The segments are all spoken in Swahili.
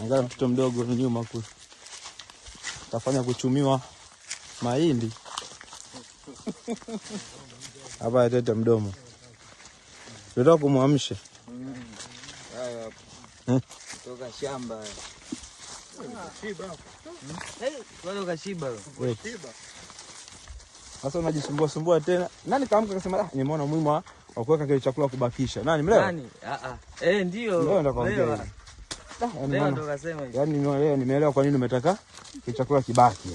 Angalia mtoto mdogo nyuma ku tafanya kuchumiwa mahindi hapa atete mdomo toka kumwamsha eh? shamba hmm? eh. sasa unajisumbua sumbua tena. Nani kaamka kasema, ah, nimeona umuhimu wa kuweka kile chakula kubakisha. Nani mlewa? Nani? Ah ah. Eh, ndio. Ndio ndio yaani, yaani nimeelewa, nimeelewa kwa nini umetaka kichakula kibaki.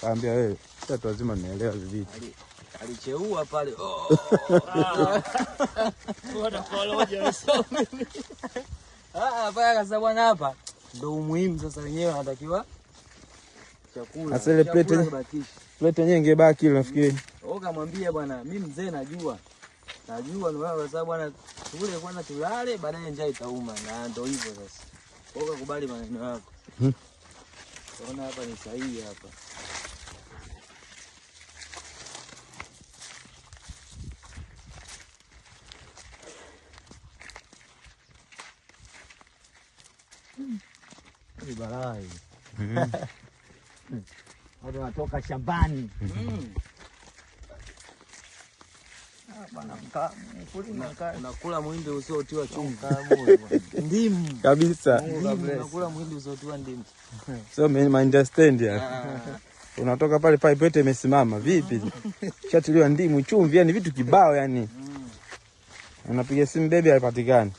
Kaambia wewe eh, watu wazima, nimeelewa vipi. Alicheua pale oh. akasema ah, bwana, hapa ndo umuhimu sasa, wenyewe anatakiwa chakula. Sasa ile plate yenyewe ingebaki, nafikiri wewe kamwambia bwana, mimi mzee najua Najua ndio kwa sababu bwana tule kwanza tulale baadaye njaa itauma na ndio hivyo sasa. Wewe kubali maneno yako. Hmm. Ona hapa ni sahihi hapa. Hmm. Ni balaa. Watu hmm. shambani. Mm. Unakula mwindi usiotiwa chumvi ndimu kabisa, unakula mwindi usiotiwa ndimu. So mimi understand ya ah, ah, ah. unatoka pale pipe yote imesimama vipi? Shatiliwa ndimu chumvi, yani vitu kibao, yani mm. unapiga simu bebi, haipatikani.